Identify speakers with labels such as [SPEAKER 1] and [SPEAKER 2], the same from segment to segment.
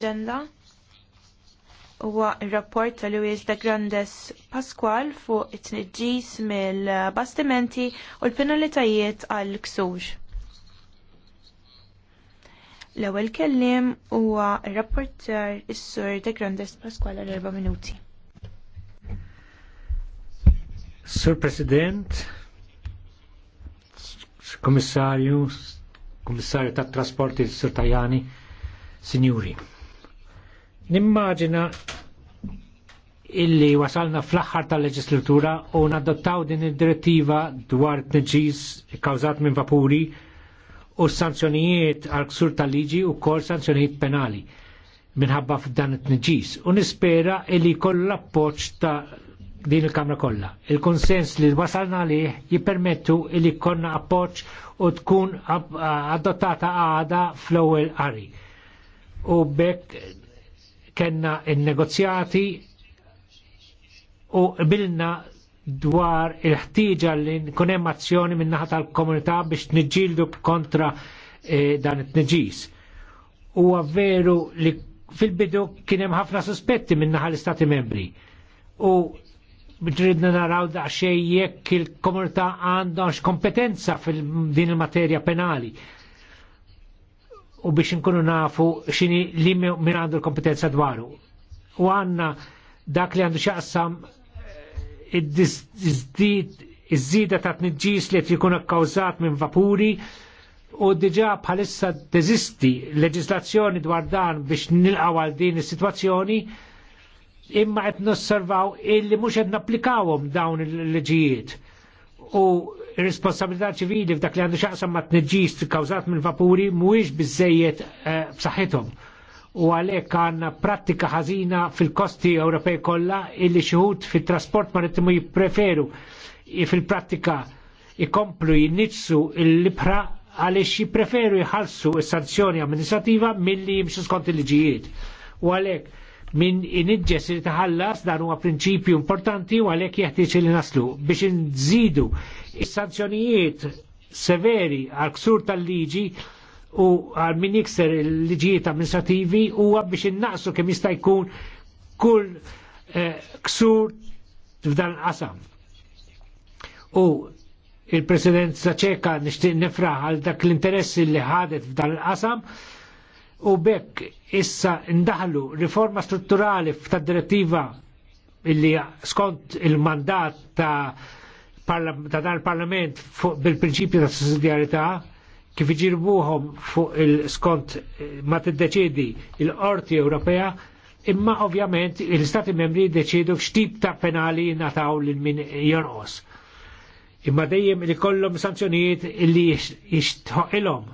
[SPEAKER 1] l-agenda huwa r-rapport ta' Luis de Grandes Pasqual fuq it-tniġġis mill-bastimenti u l-penalitajiet għal ksuġ. L-ewwel kellim huwa r-rapporter is-sur de Grandes Pasqual għal erba' minuti.
[SPEAKER 2] Sur President, Komissarju, Komissarju tat-Trasporti, Sur Tajani, Signuri. Nimmaġina illi wasalna fl-axħar tal-leġislatura u nadottaw din id-direttiva dwar t-nġis kawzat minn vapuri u sanzjonijiet għal ksur tal-liġi u kol sanzjonijiet penali minħabba f'dan it-nġis u nispera illi koll appoċ ta' din il-Kamra kollha. Il-konsens li wasalna lih jippermettu illi konna appoċ u tkun adottata għada fl-ewwel qari. U bekk kena il-negozjati u bilna dwar il-ħtiġa li nkunem azzjoni minnaħat tal-komunità biex nġildu kontra eh, dan it-nġis. U veru li fil-bidu kienem ħafna sospetti minnaħat l-Istati membri. U ridna naraw daqxej jekk il-komunità għax kompetenza fil-din il-materja penali u biex nkunu nafu xini li minn għandu l-kompetenza dwaru. U għanna dak li għandu xaqsam eh, iż-żida ta' tniġġis li jkun akkawżat minn vapuri u diġa bħalissa teżisti leġislazzjoni dwar dan biex nilqaw għal din is-sitwazzjoni imma qed nosservaw illi mhux qed napplikawhom dawn il-leġijiet. U Ir-responsabilità ċivili f'dak li għandu xaqsam ma' t-neġis kawzat minn vapuri mhuwiex bizzejiet b'saħħithom. Eh, U għalhekk għandna prattika ħażina fil-kosti Ewropej kollha illi xuħud fit-trasport marittimu jippreferu fil-prattika ikomplu jinnitsu l-libħra għaliex jippreferu jħallsu s-sanzjoni amministrativa milli jimxu skont il-liġijiet. U għalhekk minn inidġes li taħallas dan huwa prinċipju importanti u għalhekk jeħtieġ li naslu biex inżidu is-sanzjonijiet severi għal ksur tal-liġi u għal min jikser il-liġijiet amministrativi huwa biex innaqsu kemm jista' jkun kull eh, ksur f'dan qasam. U il president Saċeka nixtieq nifraħ għal dak l-interessi li ħadet f'dan il-qasam u bekk issa ndaħlu riforma strutturali ta' direttiva illi skont il-mandat ta' ta' dan il-parlament bil-prinċipju ta' sussidjarità kif iġirbuhom fuq il-skont eh, ma t-deċedi il-Qorti Ewropea imma ovvjament il-Stati membri jiddeċidu x'tip ta' penali nataw lil min jonqos. Imma dejjem li kollhom sanzjonijiet illi jixtħoqilhom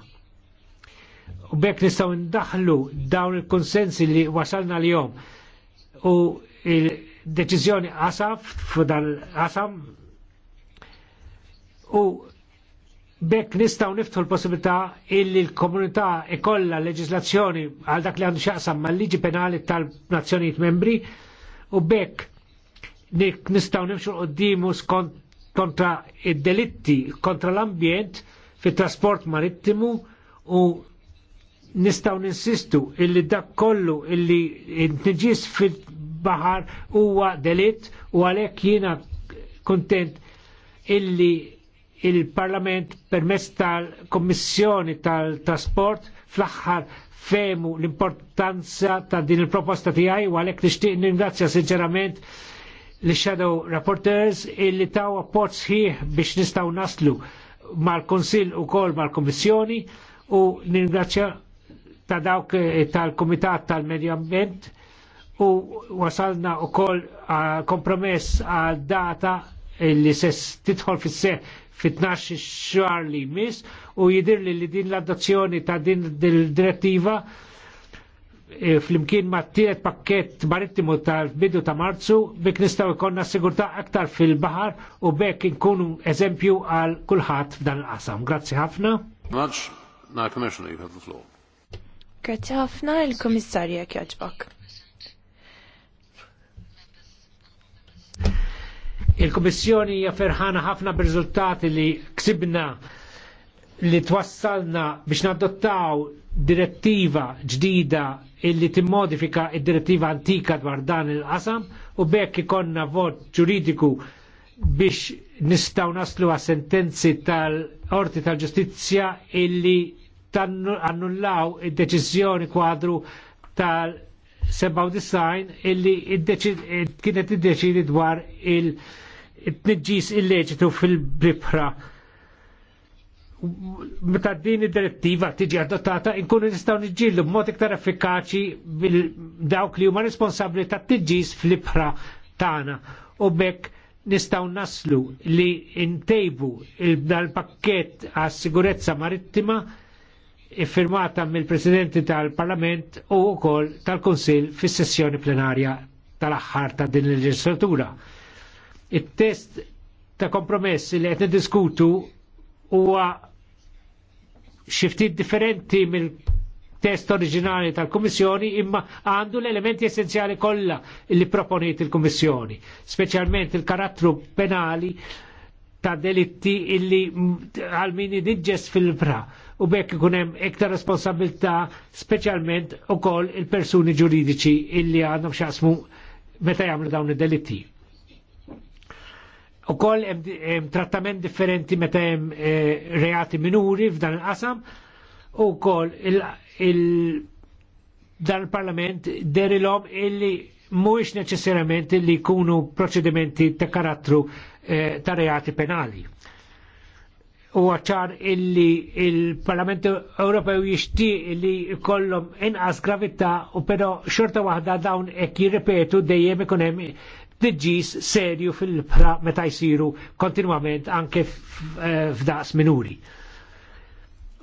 [SPEAKER 2] u bekk nistgħu ndaħlu dawn il-konsensi li wasalna l-jom u il-deċizjoni qasaf f'dan qasam u bekk nistaw niftu l-possibilità illi l-komunità ikolla leġislazzjoni għal dak li għandu xaqsam mal liġi penali tal-nazzjonijiet membri u bekk nistaw nimxu qoddimu kontra id-delitti kontra l-ambjent fit trasport marittimu u nistaw ninsistu illi dak kollu illi nġis fil-bahar huwa delitt u għalhekk jiena kontent illi il-Parlament permezz tal-Kommissjoni tal-Trasport fl-aħħar femu l-importanza ta' din il-proposta tiegħi u għalhekk nixtieq ningrazzja sinċerament li shadow Rapporteurs illi taw appoġġ sħiħ biex nistgħu naslu mal u ukoll mal-Kommissjoni u ningrazzja ta' dawk eh, tal-Kumitat tal-Medju Ambient u wasalna u koll kompromess għal data li se titħol fis se fit-12 xar li mis u jidir li li din l-adozzjoni ta' din direttiva eh, fl-imkien ma' tiet pakket marittimu tal-bidu ta' marzu bek nistaw ikonna sigurta aktar fil-bahar u bek inkunu eżempju għal kulħadd f'dan il-qasam. Grazzi ħafna. Much. Now, Commissioner, you have the floor.
[SPEAKER 1] Grazie ħafna il-Komissarja
[SPEAKER 2] Kjoġbok. Il-Komissjoni jafferħana ħafna b'riżultati li ksibna li twassalna biex nadottaw direttiva ġdida illi timmodifika id-direttiva antika dwar dan il-qasam u bekk ikonna vot ġuridiku biex nistaw naslu għas sentenzi tal-orti tal-ġustizja illi tannullaw id-deċizjoni kwadru tal design illi kienet id-deċidi dwar il-tniġġis illeġitu fil-bribħra meta din id-direttiva tiġi adottata inkunu nistgħu niġġieldu b'mod iktar effikaċi dawk li huma responsabbli ta' tiġis fl-ibħra tagħna u bekk nistgħu naslu li ntejbu il-pakkett għas sigurezza marittima iffirmata mill-Presidenti tal-Parlament u wkoll tal-Kunsill fis-sessjoni plenarja tal-aħħar ta' din il-leġislatura. It-test ta' kompromess li qed niddiskutu huwa xi ftit differenti mill-test oriġinali tal-Kummissjoni imma għandu l-elementi essenzjali kollha li proponiet il-Kummissjoni, speċjalment il-karattru penali ta' delitti illi għal mini diġġess fil-bra u bekk ikun hemm responsabilta responsabilità speċjalment ukoll il-persuni ġuridiċi illi għandhom x'asmu meta jagħmlu dawn id-delitti. U koll hemm trattament differenti meta hemm eh, reati minuri f'dan il-qasam u koll il, il dan il-parlament l-om illi mhuwiex neċessarament illi jkunu proċedimenti ta' karattru eh, ta' reati penali u ċar illi il-Parlament Ewropew jixti li kollhom inqas gravità u però xorta waħda dawn ek jirripetu dejjem ikun hemm diġġis serju fil-pra meta jsiru kontinwament anke eh, f'daqs minuri.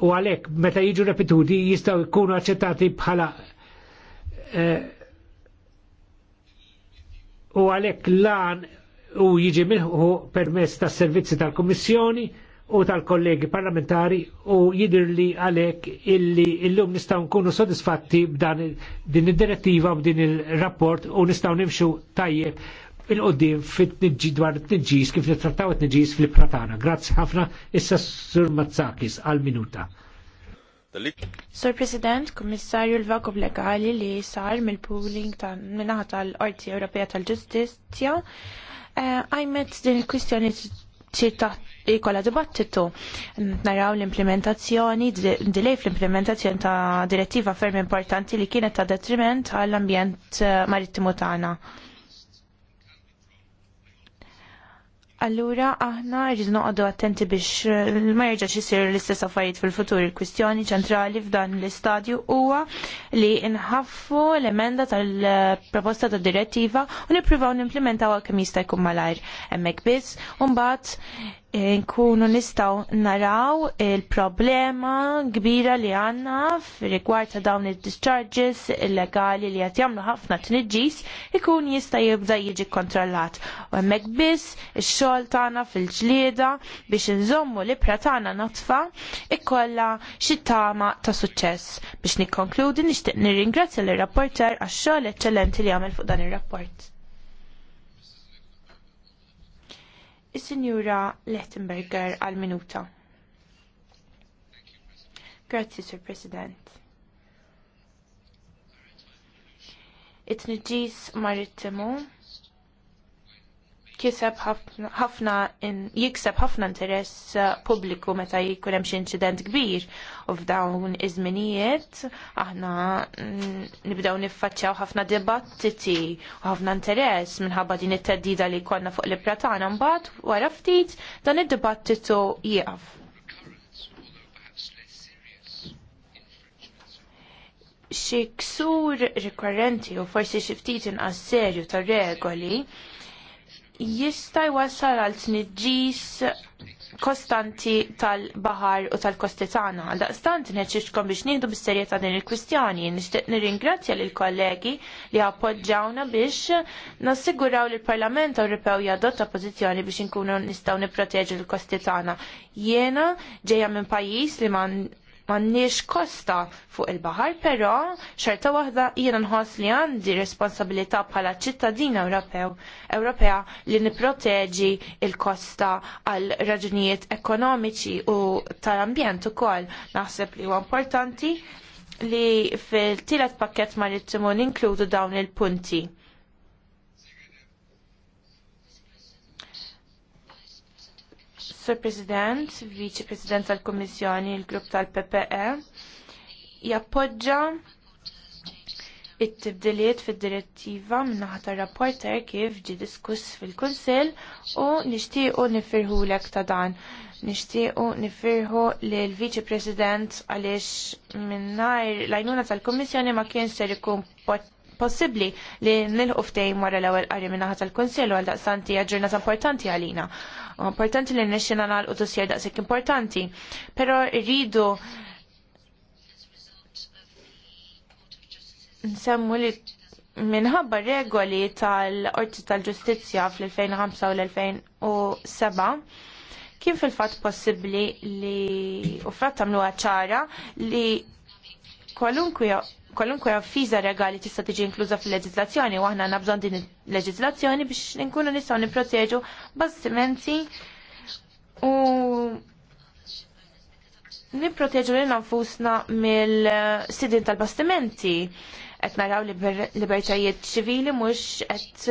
[SPEAKER 2] U għalhekk meta jiġu repetuti jistgħu jkunu aċċettati bħala eh, u għalhekk lan u jiġi milħu permezz tas-servizzi tal-Kummissjoni u tal-kollegi parlamentari u jidir li għalek illi illum nistaw nkunu sodisfatti b'dan din id-direttiva u b'din il-rapport u nistaw nimxu tajjeb il-qoddim fit-nġi dwar t-nġis kif nittrattaw t-nġis fil-pratana. Grazzi ħafna, issa Sur Mazzakis għal-minuta.
[SPEAKER 1] Sur President, Kommissarju l-Vakub Legali li sar mill-pooling ta' minnaħat tal-Orti Ewropea tal-Ġustizja, eh, għajmet din il-kwistjoni ċirtaħt jkolla dibattitu. Naraw l-implementazzjoni, delay fl-implementazzjoni ta' direttiva ferm importanti li kienet ta' detriment għall-ambjent eh, marittimu tagħna. Allura aħna rridu noqogħdu attenti biex eh, ma jerġax isir l-istess affarijiet fil-futur. Il-kwistjoni ċentrali f'dan l-istadju huwa li nħaffu l-emenda tal-proposta ta' direttiva u nippruvaw nimplementaw kemm jista' jkun malajr. Hemmhekk biss u mbagħad E, nkunu nistaw naraw il-problema kbira li għanna f'rigward ta' dawn il-discharges illegali li għat jamlu ħafna t-nġis ikun jista' jibda jiġi kontrollat. U għemmek biss il-xol tana fil-ġlieda biex nżommu li pratana notfa ikkolla xittama ta' suċċess. Biex nikkonkludi nishtiq nirringrazzja l-rapporter għax-xol eccellenti li għamil fuq dan il-rapport. Is-Sinjura Lechtenberger għal minuta. Grazzi, Sir President. It-nġis marittimu kiseb ħafna jikseb ħafna interess uh, pubbliku meta jkun hemm xi inċident kbir u f'dawn iż-żminijiet aħna mm, nibdew niffaċċjaw ħafna dibattiti u ħafna interess minħabba din it-teddida li jkollna fuq l-ibra tagħna mbagħad wara ftit dan id-dibattitu jieqaf. xi ksur rikorrenti u forsi xi ftit inqas serju tar regoli jista' jwassal għal tniġġis kostanti tal-baħar u tal-kosti tagħna. Daqstant neċċitkom biex nieħdu bis-serjetà din il-kwistjani. Nixtieq nirringrazzja lil kollegi li appoġġawna biex nassiguraw li l-Parlament Ewropew jadotta pożizzjoni biex inkunu nistgħu nipproteġu l-kosti tagħna. Jiena ġejja minn pajjiż li ma m'għandniex kosta fuq il-baħar, però xorta waħda jiena nħoss li għandi responsabilità bħala ċittadin Ewropew Ewropea li nipproteġi il-kosta għal raġunijiet ekonomiċi u tal-ambjent ukoll. Naħseb li huwa importanti li fil-tielet pakket marittimu ninkludu dawn il-punti Sur President, Vice President tal-Kommissjoni, il-Grupp tal-PPE, jappoġġa it-tibdiliet fid-direttiva minnaħa tar-rapporter kif ġi diskuss fil-Kunsill u nixtiequ lek ta' dan. Nixtiequ nifirħu l viċi President għalix minnajr l ajnuna tal-Kummissjoni ma kien ser ikun pot possibbli li nilħu ftehim wara l-ewwel qari minn naħa tal-Kunsill għal daqsanti hija ġurnata importanti għalina. Importanti li nixxina nagħlqu dossier daqshekk importanti. Però rridu nsemmu li minħabba regoli tal-Qorti tal-Ġustizzja fl-2005 u l-2007 kien fil-fat possibbli li u fratt lu ċara li kwalunkwe kollunkwe affiża regali tista' tiġi inkluża fil leġizlazzjoni u aħna nabżon din il leġizlazzjoni biex nkunu nistgħu nipproteġu bastimenti u nipproteġu lil nfusna mill-sidin tal-bastimenti qed naraw libertajiet ċivili mhux qed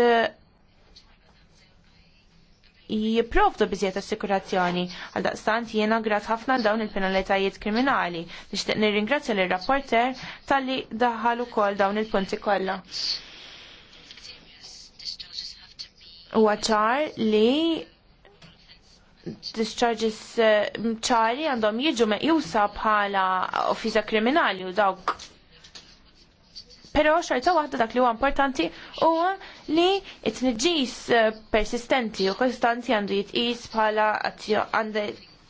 [SPEAKER 1] jiprovdu biżiet assikurazzjoni għal daqstant jiena grat ħafna dawn il-penalitajiet kriminali. Nixtieq nirringrazzja l rapporter talli daħal ukoll dawn il-punti kollha. Huwa ċar li discharges eh, ċari għandhom jiġu meqjusa bħala uffiża kriminali u dawk Pero xorta waħda dak li huwa importanti huwa li it-tniġis eh, persistenti u kostanti għandu jitqis bħala għandu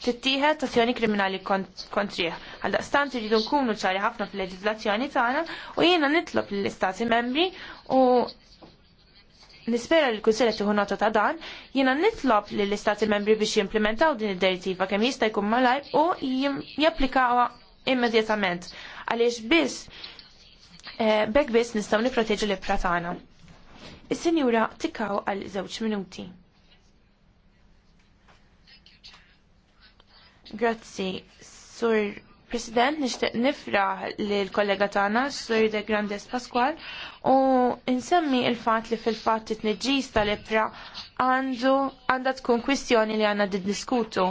[SPEAKER 1] tittieħed azzjoni kriminali kontrih. Għaldaqstant iridu nkunu ċari ħafna fil leġislazzjoni tagħna u jiena nitlob lill-istati membri u nispera li l-Kunsilja tieħu nota ta' dan, jiena nitlob lill-istati membri biex jimplementaw din id-direttiva kemm jista' jkun malajr u japplikawha immedjatament. Għaliex biss Eh, Bek biss nistgħu nipproteġu li pratana. tagħna. Is-sinjura tikaw għal żewġ minuti. Grazzi, Sur President, nixtieq nifraħ lill kollega tagħna Sur De Grandes Pasqual u nsemmi il-fatt li fil-fatt t tniġġis tal-ibra għandu għandha tkun kwistjoni li għandna diddiskutu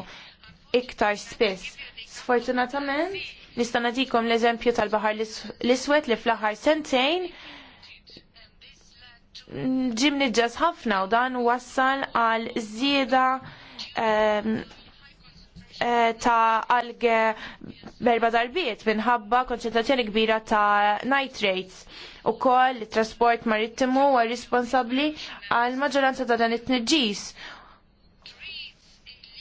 [SPEAKER 1] iktar spiss. Sfortunatament, Nista' nagħtikom l-eżempju tal-Baħar l-Iswed li fl-aħħar sentejn ġim niġġas ħafna u dan wassal għal żieda ehm, eh, ta' alge berba darbiet minħabba konċentrazzjoni kbira ta' nitrates u koll trasport marittimu għal responsabli għal maġġoranza ta' dan it-tniġġis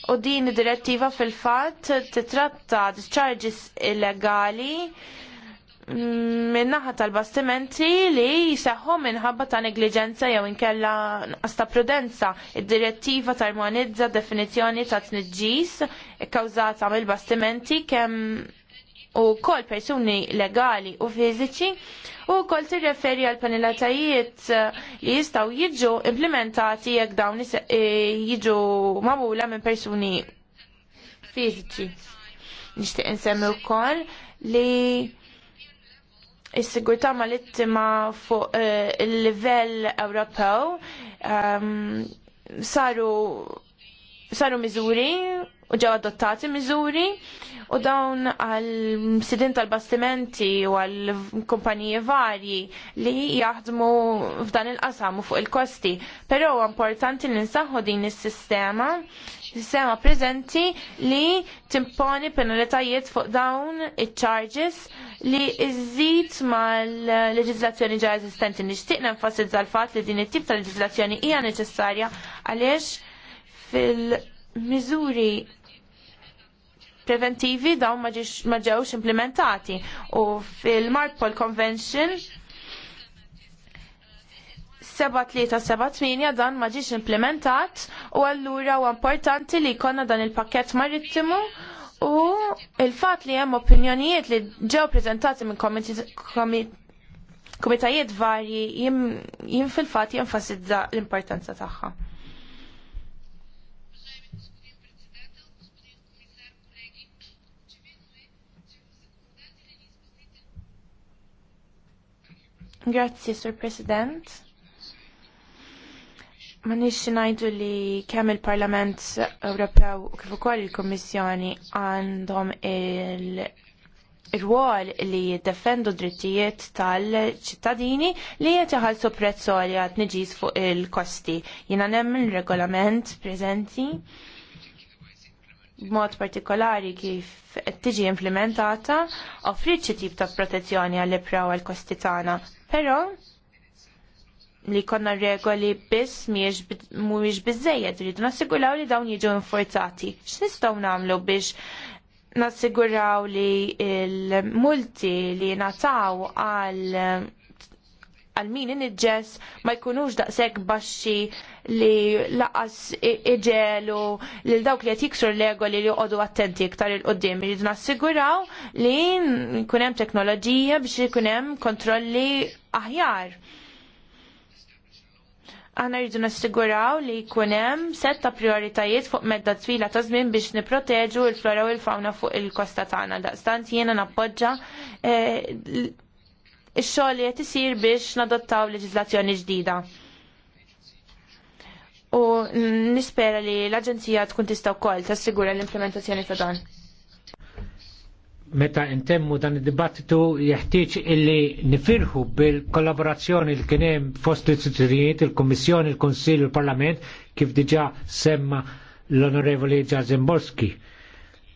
[SPEAKER 1] u din id-direttiva fil-fatt titratta discharges illegali minnaħa tal-bastimenti li jisaħħu minħabba ta' negliġenza jew inkella asta prudenza. Id-direttiva tarmonizza definizzjoni ta' tniġġis kawzata mill-bastimenti kemm u kol persuni legali u fiziċi u kol tirreferi għal panelatajiet eh, li jistaw jiġu implementati jekk dawn eh, jiġu mabula minn persuni fiziċi. Nishtiq insemmi u kol li Is-sigurtà mal-ittima fuq eh, il-livell Ewropew ehm, saru saru miżuri u ġew adottati miżuri u dawn għal sidin tal-bastimenti u għal kumpaniji varji li jaħdmu f'dan il-qasam u fuq il-kosti. Però huwa importanti li nsaħħu din is-sistema, sistema preżenti li timponi penalitajiet fuq dawn il charges li iżid mal leġizlazzjoni ġa eżistenti. Nixtieq nenfasizza l-fatt li din it-tip ta' leġizlazzjoni hija neċessarja għaliex fil-miżuri preventivi dawn ma ġewx implementati u fil-Marpol Convention 7378 dan ma ġiex implementat u allura u importanti li jkollna dan il-pakket marittimu u il-fat li hemm opinjonijiet li ġew prezentati minn komitajiet varji jim, fil-fat jenfasizza l-importanza tagħha. Grazzi, Sur President. Ma nix najdu li kemm il-Parlament Ewropew u kif ukoll il-Kummissjoni għandhom il- ir-rwol li jiddefendu drittijiet tal-ċittadini li qed iħallsu prezz għal niġis fuq il-kosti. Jiena nemmen regolament preżenti b'mod partikolari kif tiġi implementata, offriċ xi tip ta' protezzjoni għall ipra u għall-kosti tagħna. Però li konna regoli biss mhuwiex biżejjed rridu nassiguraw li dawn jiġu infurzati. X'nistgħu nagħmlu biex nassiguraw li l-multi li nataw għal għal min inġess ma jkunux daqshekk baxxi li laqas iġelu lil dawk li qed jiksru ego li jqogħdu attenti iktar il qudiem Jridu nassiguraw li jkun hemm teknoloġija biex jkun hemm kontrolli aħjar. Aħna rridu nassiguraw li jkun hemm set ta' prioritajiet fuq medda twila ta' żmien biex nipproteġu l-flora u l-fawna fuq il-kosta tagħna. Daqstant jiena nappoġġa eh, ix-xogħol li qed isir biex nadottaw leġiżlazzjoni ġdida. U nispera li l-Aġenzija tkun tista' wkoll tassigura l-implementazzjoni ta' dan.
[SPEAKER 2] Meta intemmu dan id-dibattitu jeħtieġ illi nifirħu bil-kollaborazzjoni li kien hemm fost l-istituzzjonijiet, il-Kummissjoni, il-Kunsill, il-Parlament kif diġà semma l-Onorevoli Ġazemborski.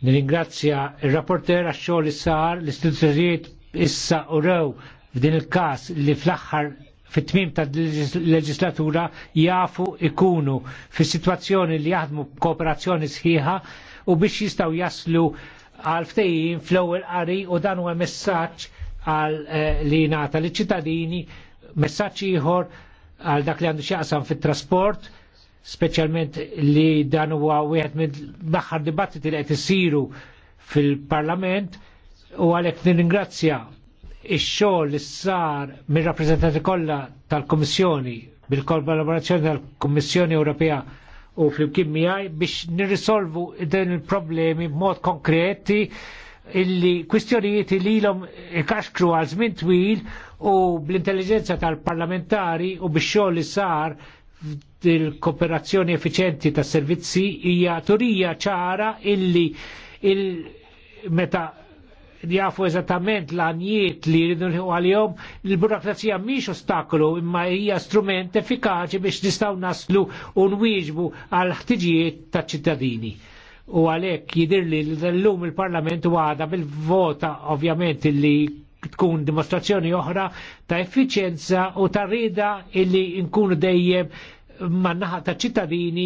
[SPEAKER 2] Nirringrazzja il-rapporter għax xogħol li sar, l-istituzzjonijiet issa u rew f'din il-kas li fl-axħar fit-tmim ta' leġislatura jafu ikunu fi situazzjoni li jaħdmu kooperazzjoni sħiħa u biex jistaw jaslu għal ftejjin fl-ewwel qari u dan huwa messaġġ għal eh, li nata li ċittadini messaġġ ieħor għal dak li għandu xaqsam fit-trasport speċjalment li dan huwa wieħed mill-aħħar dibattiti li qed isiru fil-Parlament u għalhekk ningrazzja ix-xogħol li sar mir-rappreżentanti kollha tal-Kummissjoni bil-kollaborazzjoni tal-Kummissjoni Ewropea u flimkien miegħi biex nirrisolvu din il-problemi b'mod konkreti illi kwistjonijiet li ilhom ikaxkru għal żmien twil u bl-intelligenza tal-parlamentari u biex xogħol li sar il-kooperazzjoni effiċenti tas servizzi hija turija ċara illi il meta jafu eżattament l-anjiet li jridu għal-jom, il-burokrazija miex ostaklu imma hija strument effikaċi biex nistaw naslu un wieġbu għal-ħtiġijiet ta' ċittadini. U għalek jidir li l-lum il-parlament u għada bil-vota ovvjament li tkun dimostrazzjoni oħra ta' effiċenza u ta' rida illi nkunu dejjem man-naħa ta' ċittadini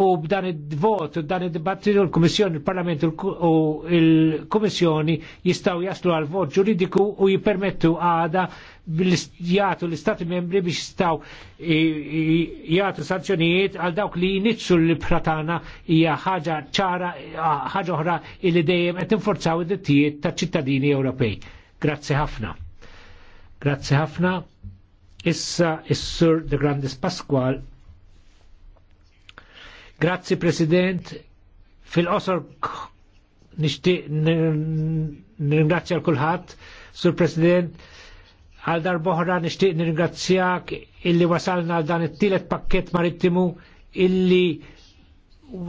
[SPEAKER 2] u b'dan id-vot, dan id u l komissjoni il-Parlament u l komissjoni jistaw jaslu għal vot ġuridiku u jipermettu għada jgħatu l-Istati membri biex jistaw jgħatu sanzjonijiet għal dawk li jinitsu l-pratana hija ħaġa ċara, ħaġa oħra li dejjem qed tinforzaw id-dittijiet ta' ċittadini Ewropej. Grazzi ħafna. Grazzi ħafna. Issa is-Sur de Grandis Pasqual. Grazzi President, fil-qosor nixtieq nirringrazzja l-kulħadd, Sur President, għal boħra nixtieq nirringrazzjak illi wasalna għal dan it-tielet pakket marittimu illi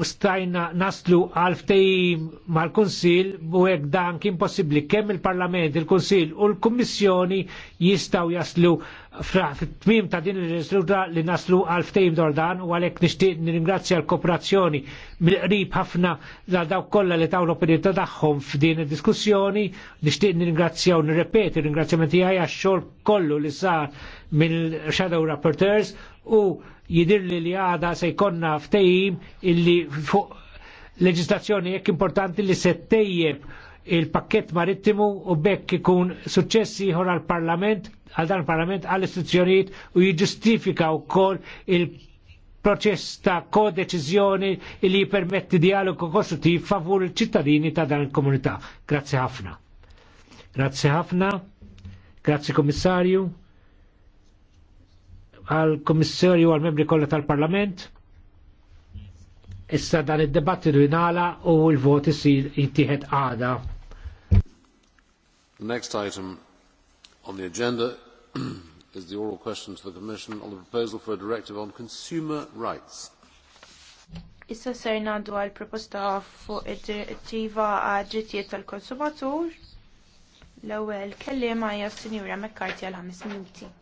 [SPEAKER 2] stajna naslu għal ftejim mal kunsil u hekk dan kien possibbli kemm il-Parlament, il kunsil u l-Kummissjoni jistgħu jaslu fraħ fit-tmim ta' din il-risluta li naslu għal ftejm dan u għalek nishtiq nirringrazzja l-kooperazzjoni mill-qrib ħafna la daw kollha li tawlu l-opinjoni tagħhom f'din id-diskussjoni, nishtiq nirringrazzja u nirrepeti ringrazzjamenti għaj għax-xogħol kollu li sar mill-Shadow Rapporteurs u jidir li li għada se jkonna ftejim illi fuq leġislazzjoni jekk importanti li se tejjeb il-pakket marittimu u bekk ikun suċċessi ħor għal-Parlament għal dan parlament għal istituzzjonijiet u jiġustifika wkoll il-proċess ta' kodeċiżjoni li jipermetti dialogu kostruttiv favur il-ċittadini ta' dan il-komunità. Grazie ħafna. Grazie ħafna. Grazie Komissarju. Għal Komissarju għal membri kollha tal-Parlament. Issa dan id-debattitu jingħala u l-voti sir jittieħed għada. Next item On the agenda is the oral question to the Commission on the proposal for a directive on consumer rights.
[SPEAKER 1] Issa ser ngħaddu għal proposta fuq id-direttiva għal ġittijiet tal-konsumatur. L-ewwel kelliema hija Sinjura McCarthy għal ħames minuti.